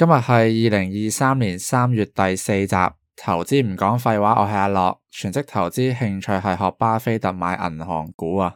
今日係二零二三年三月第四集，投資唔講廢話，我係阿樂，全職投資，興趣係學巴菲特買銀行股啊。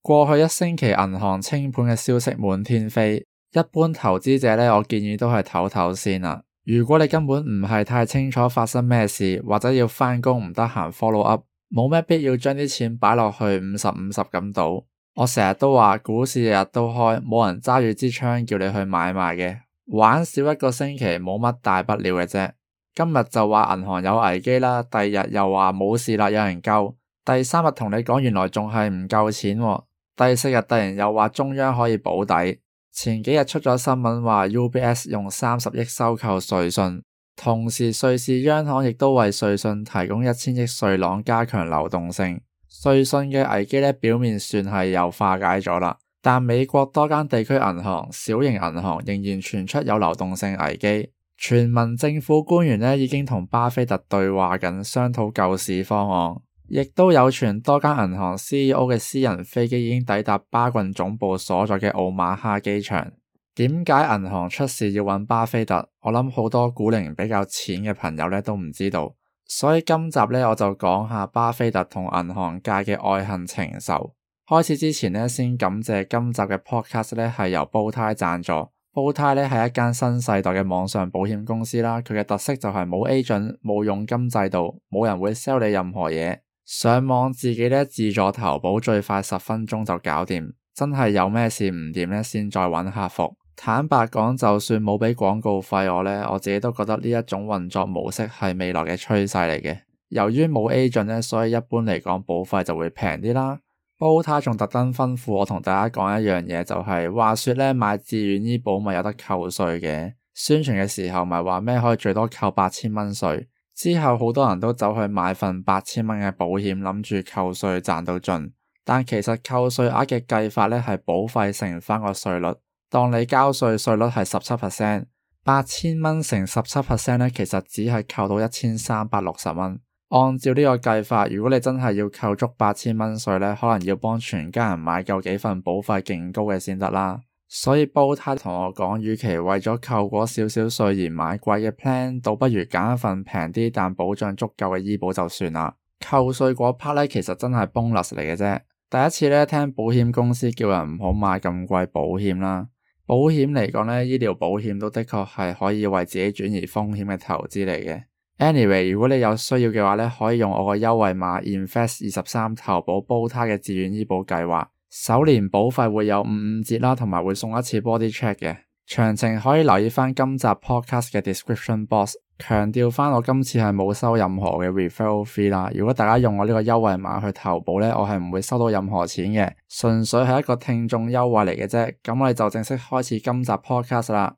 過去一星期，銀行清盤嘅消息滿天飛，一般投資者呢，我建議都係唞唞先啊。如果你根本唔係太清楚發生咩事，或者要返工唔得閒 follow up，冇咩必要將啲錢擺落去五十五十咁賭。我成日都話，股市日日都開，冇人揸住支槍叫你去買賣嘅。玩少一個星期冇乜大不了嘅啫，今日就話銀行有危機啦，第二日又話冇事啦，有人救，第三日同你講原來仲係唔夠錢喎，第四日突然又話中央可以保底，前幾日出咗新聞話 UBS 用三十億收購瑞信，同時瑞士央行亦都為瑞信提供一千億瑞郎加強流動性，瑞信嘅危機呢，表面算係又化解咗啦。但美國多間地區銀行、小型銀行仍然傳出有流動性危機，全民政府官員咧已經同巴菲特對話緊，商討救市方案，亦都有傳多間銀行 CEO 嘅私人飛機已經抵達巴郡總部所在嘅奧馬哈機場。點解銀行出事要揾巴菲特？我諗好多股齡比較淺嘅朋友咧都唔知道，所以今集咧我就講下巴菲特同銀行界嘅愛恨情仇。開始之前呢，先感謝今集嘅 Podcast 呢，係由煲呔贊助。煲呔呢係一間新世代嘅網上保險公司啦。佢嘅特色就係冇 agent，冇佣金制度、冇人會 sell 你任何嘢，上網自己呢自助投保，最快十分鐘就搞掂。真係有咩事唔掂呢，先再揾客服。坦白講，就算冇畀廣告費我呢，我自己都覺得呢一種運作模式係未來嘅趨勢嚟嘅。由於冇 agent 呢，所以一般嚟講保費就會平啲啦。煲呔仲特登吩咐我同大家講一樣嘢，就是，就係話說呢，買自願醫保咪有得扣稅嘅。宣傳嘅時候咪話咩可以最多扣八千蚊稅，之後好多人都走去買份八千蚊嘅保險，諗住扣稅賺到盡，但其實扣稅額嘅計法呢係保費乘返個稅率，當你交稅稅率係十七 percent，八千蚊乘十七 percent 呢，其實只係扣到一千三百六十蚊。按照呢個計法，如果你真係要扣足八千蚊稅咧，可能要幫全家人買夠幾份保費勁高嘅先得啦。所以煲呔同我講，與其為咗扣嗰少少稅而買貴嘅 plan，倒不如揀一份平啲但保障足夠嘅醫保就算啦。扣稅嗰 part 咧，其實真係 bonus 嚟嘅啫。第一次咧聽保險公司叫人唔好買咁貴保險啦。保險嚟講咧，醫療保險都的確係可以為自己轉移風險嘅投資嚟嘅。Anyway，如果你有需要嘅話咧，可以用我個優惠碼 Invest 二十三，投保 Bowtie 嘅自願醫保計劃，首年保費會有五五折啦，同埋會送一次 body check 嘅。詳情可以留意返今集 podcast 嘅 description box，強調返我今次係冇收任何嘅 referral fee 啦。如果大家用我呢個優惠碼去投保咧，我係唔會收到任何錢嘅，純粹係一個聽眾優惠嚟嘅啫。咁我哋就正式開始今集 podcast 啦。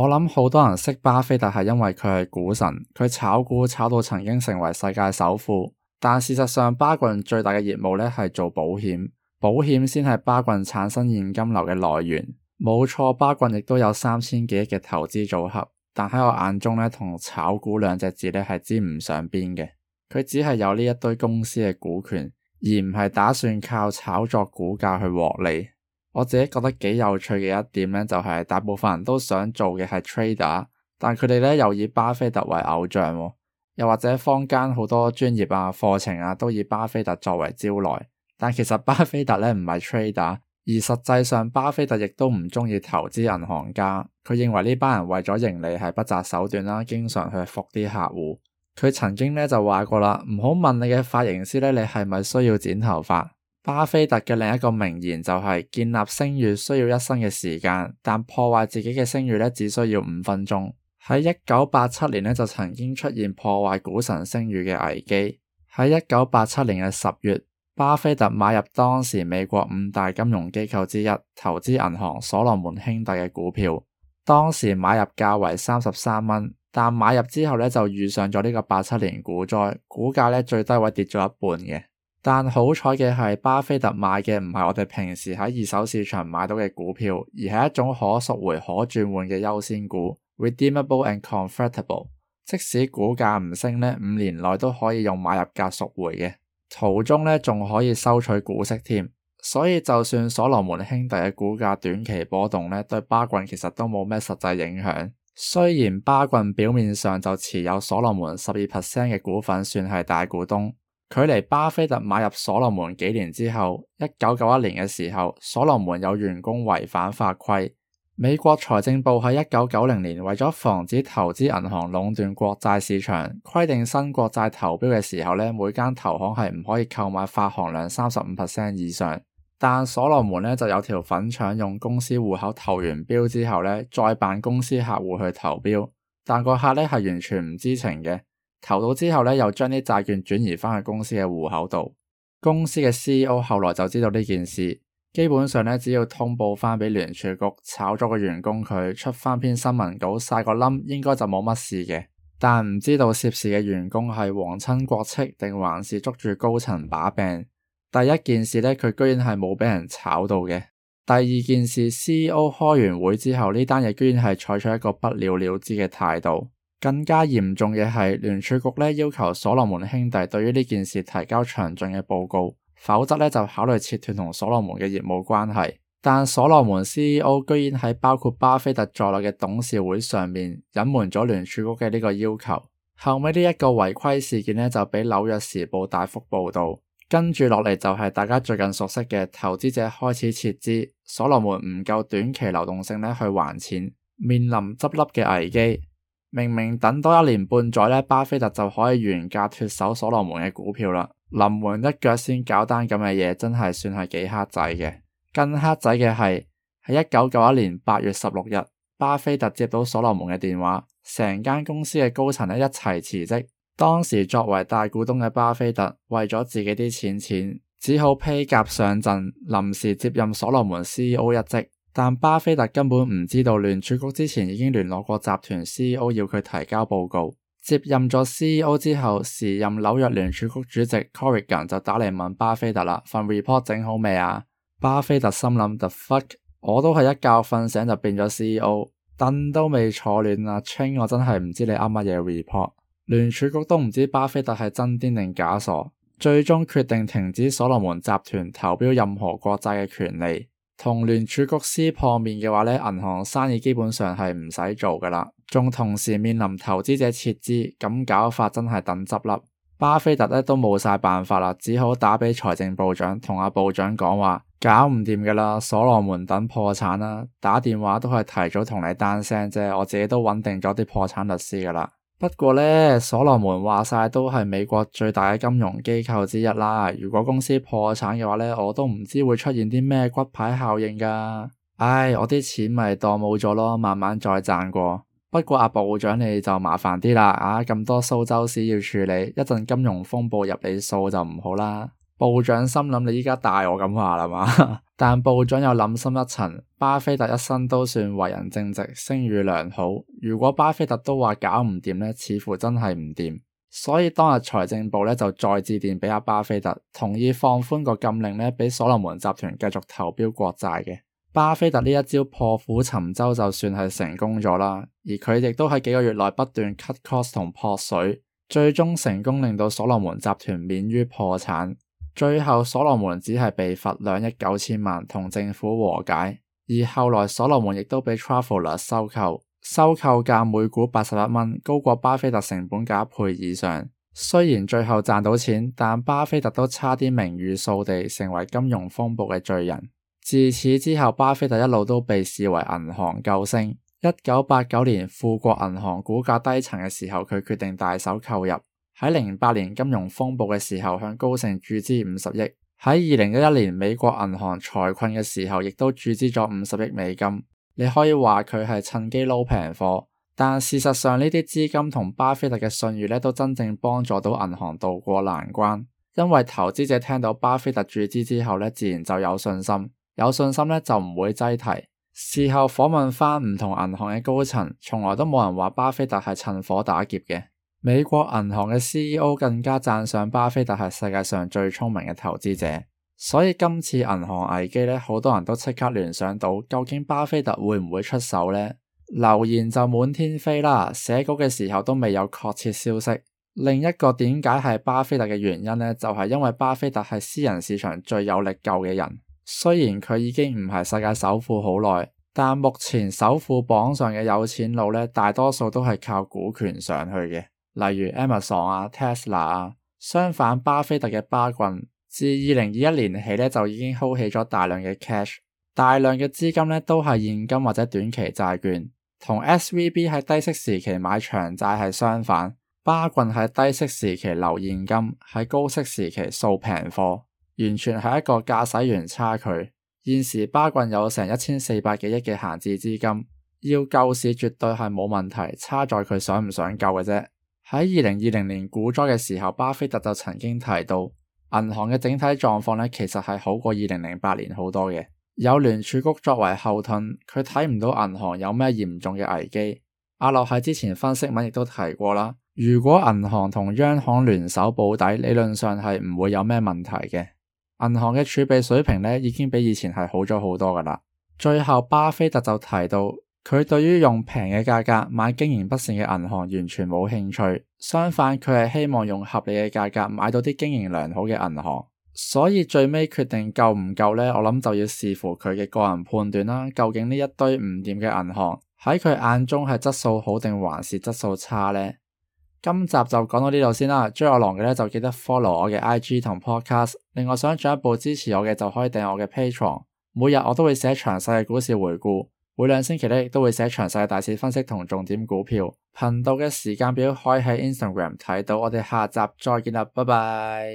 我諗好多人識巴菲特係因為佢係股神，佢炒股炒到曾經成為世界首富。但事實上，巴郡最大嘅業務呢係做保險，保險先係巴郡產生現金流嘅來源。冇錯，巴郡亦都有三千幾億嘅投資組合，但喺我眼中呢，同炒股兩隻字呢係沾唔上邊嘅。佢只係有呢一堆公司嘅股權，而唔係打算靠炒作股價去獲利。我自己覺得幾有趣嘅一點呢，就係大部分人都想做嘅係 trader，但佢哋呢又以巴菲特為偶像喎，又或者坊間好多專業啊課程啊都以巴菲特作為招來，但其實巴菲特呢唔係 trader，而實際上巴菲特亦都唔鍾意投資銀行家，佢認為呢班人為咗盈利係不擇手段啦，經常去服啲客戶。佢曾經呢就話過啦，唔好問你嘅髮型師呢，你係咪需要剪頭髮？巴菲特嘅另一個名言就係：建立聲譽需要一生嘅時間，但破壞自己嘅聲譽呢只需要五分鐘。喺一九八七年呢，就曾經出現破壞股神聲譽嘅危機。喺一九八七年嘅十月，巴菲特買入當時美國五大金融機構之一投資銀行所羅門兄弟嘅股票，當時買入價為三十三蚊，但買入之後呢，就遇上咗呢個八七年股災，股價呢最低位跌咗一半嘅。但好彩嘅係，巴菲特買嘅唔係我哋平時喺二手市場買到嘅股票，而係一種可贖回、可轉換嘅優先股 （redeemable and c o n v e r t a b l e 即使股價唔升呢，五年內都可以用買入價贖回嘅。途中呢，仲可以收取股息添。所以就算所羅門兄弟嘅股價短期波動呢，對巴郡其實都冇咩實際影響。雖然巴郡表面上就持有所羅門十二 percent 嘅股份，算係大股東。距離巴菲特買入所羅門幾年之後，一九九一年嘅時候，所羅門有員工違反法規。美國財政部喺一九九零年為咗防止投資銀行壟斷國債市場，規定新國債投標嘅時候咧，每間投行係唔可以購買發行量三十五 percent 以上。但所羅門咧就有條粉腸用公司戶口投完標之後咧，再辦公司客戶去投標，但個客咧係完全唔知情嘅。投到之後呢，又將啲債券轉移返去公司嘅戶口度。公司嘅 CEO 後來就知道呢件事，基本上呢，只要通報返畀聯儲局，炒咗個員工，佢出返篇新聞稿晒個冧，應該就冇乜事嘅。但唔知道涉事嘅員工係皇親國戚定還是捉住高層把柄。第一件事呢，佢居然係冇畀人炒到嘅。第二件事，CEO 開完會之後，呢單嘢居然係採取一個不了了之嘅態度。更加嚴重嘅係，聯儲局咧要求所羅門兄弟對於呢件事提交詳盡嘅報告，否則咧就考慮切斷同所羅門嘅業務關係。但所羅門 CEO 居然喺包括巴菲特在內嘅董事會上面隱瞞咗聯儲局嘅呢個要求。後尾呢一個違規事件咧就俾紐約時報大幅報道，跟住落嚟就係大家最近熟悉嘅投資者開始撤資，所羅門唔夠短期流動性咧去還錢，面臨執笠嘅危機。明明等多一年半載咧，巴菲特就可以原價脫手所羅門嘅股票啦。臨門一腳先搞單咁嘅嘢，真係算係幾黑仔嘅。更黑仔嘅係喺一九九一年八月十六日，巴菲特接到所羅門嘅電話，成間公司嘅高層一齊辭職。當時作為大股東嘅巴菲特為咗自己啲錢錢，只好披甲上陣，臨時接任所羅門 CEO 一職。但巴菲特根本唔知道，聯儲局之前已經聯絡過集團 CEO 要佢提交報告。接任咗 CEO 之後，時任紐約聯儲局主席 Corrigan 就打嚟問巴菲特啦：份 report 整好未啊？巴菲特心諗 The fuck，我都係一覺瞓醒就變咗 CEO，凳都未坐暖啊 Ching，我真係唔知你啱乜嘢 report。聯儲局都唔知巴菲特係真癲定假傻，最終決定停止所羅門集團投標任何國債嘅權利。同聯儲局撕破面嘅話咧，銀行生意基本上係唔使做噶啦，仲同時面臨投資者撤資，咁搞法真係等執笠。巴菲特咧都冇晒辦法啦，只好打畀財政部長，同阿、啊、部長講話搞唔掂噶啦，所羅門等破產啦、啊，打電話都係提早同你單聲啫，我自己都搵定咗啲破產律師噶啦。不過呢，所羅門話晒都係美國最大嘅金融機構之一啦。如果公司破產嘅話呢，我都唔知會出現啲咩骨牌效應㗎。唉，我啲錢咪當冇咗咯，慢慢再賺過。不過阿、啊、部長你就麻煩啲啦，啊咁多蘇州屎要處理，一陣金融風暴入你數就唔好啦。部長心諗你而家大我咁話啦嘛， 但部長又諗深一層。巴菲特一生都算為人正直，聲譽良好。如果巴菲特都話搞唔掂呢，似乎真係唔掂。所以當日財政部呢，就再致電畀阿巴菲特，同意放寬個禁令呢，畀所羅門集團繼續投標國債嘅。巴菲特呢一招破釜沉舟，就算係成功咗啦。而佢亦都喺幾個月內不斷 cut cost 同撲水，最終成功令到所羅門集團免於破產。最後，所羅門只係被罰兩億九千萬，同政府和解。而後來，所羅門亦都俾 Travelers、er、收購，收購價每股八十一蚊，高過巴菲特成本價一倍以上。雖然最後賺到錢，但巴菲特都差啲名譽掃地，成為金融風暴嘅罪人。自此之後，巴菲特一路都被視為銀行救星。一九八九年，富國銀行股價低層嘅時候，佢決定大手購入。喺零八年金融風暴嘅時候，向高盛注資五十億；喺二零一一年美國銀行財困嘅時候，亦都注資咗五十億美金。你可以話佢係趁機撈平貨，但事實上呢啲資金同巴菲特嘅信譽呢，都真正幫助到銀行渡過難關。因為投資者聽到巴菲特注資之後呢，自然就有信心。有信心呢就唔會擠提。事後訪問翻唔同銀行嘅高層，從來都冇人話巴菲特係趁火打劫嘅。美國銀行嘅 CEO 更加讚賞巴菲特係世界上最聰明嘅投資者，所以今次銀行危機咧，好多人都即刻聯想到究竟巴菲特會唔會出手呢？留言就滿天飛啦。寫稿嘅時候都未有確切消息。另一個點解係巴菲特嘅原因咧，就係因為巴菲特係私人市場最有力救嘅人。雖然佢已經唔係世界首富好耐，但目前首富榜上嘅有錢佬咧，大多數都係靠股權上去嘅。例如 Amazon 啊、Tesla 啊，相反，巴菲特嘅巴郡自二零二一年起咧就已經 hold 起咗大量嘅 cash，大量嘅資金咧都係現金或者短期債券，同 SVB 喺低息時期買長債係相反。巴郡喺低息時期留現金，喺高息時期掃平貨，完全係一個駕駛員差距。現時巴郡有成一千四百幾億嘅閒置資金，要救市絕對係冇問題，差在佢想唔想救嘅啫。喺二零二零年股災嘅時候，巴菲特就曾經提到，銀行嘅整體狀況咧，其實係好過二零零八年好多嘅。有聯儲局作為後盾，佢睇唔到銀行有咩嚴重嘅危機。阿樂喺之前分析文亦都提過啦，如果銀行同央行聯手保底，理論上係唔會有咩問題嘅。銀行嘅儲備水平咧，已經比以前係好咗好多噶啦。最後，巴菲特就提到。佢對於用平嘅價格買經營不善嘅銀行完全冇興趣，相反，佢係希望用合理嘅價格買到啲經營良好嘅銀行。所以最尾決定夠唔夠呢？我諗就要視乎佢嘅個人判斷啦。究竟呢一堆唔掂嘅銀行喺佢眼中係質素好定還是質素差呢？今集就講到呢度先啦。追我龍嘅咧就記得 follow 我嘅 IG 同 Podcast，另外想進一步支持我嘅就可以訂我嘅 Patreon。每日我都會寫詳細嘅股市回顧。每兩星期咧都會寫詳細大市分析同重點股票。頻道嘅時間表可以喺 Instagram 睇到。我哋下集再見啦，拜拜。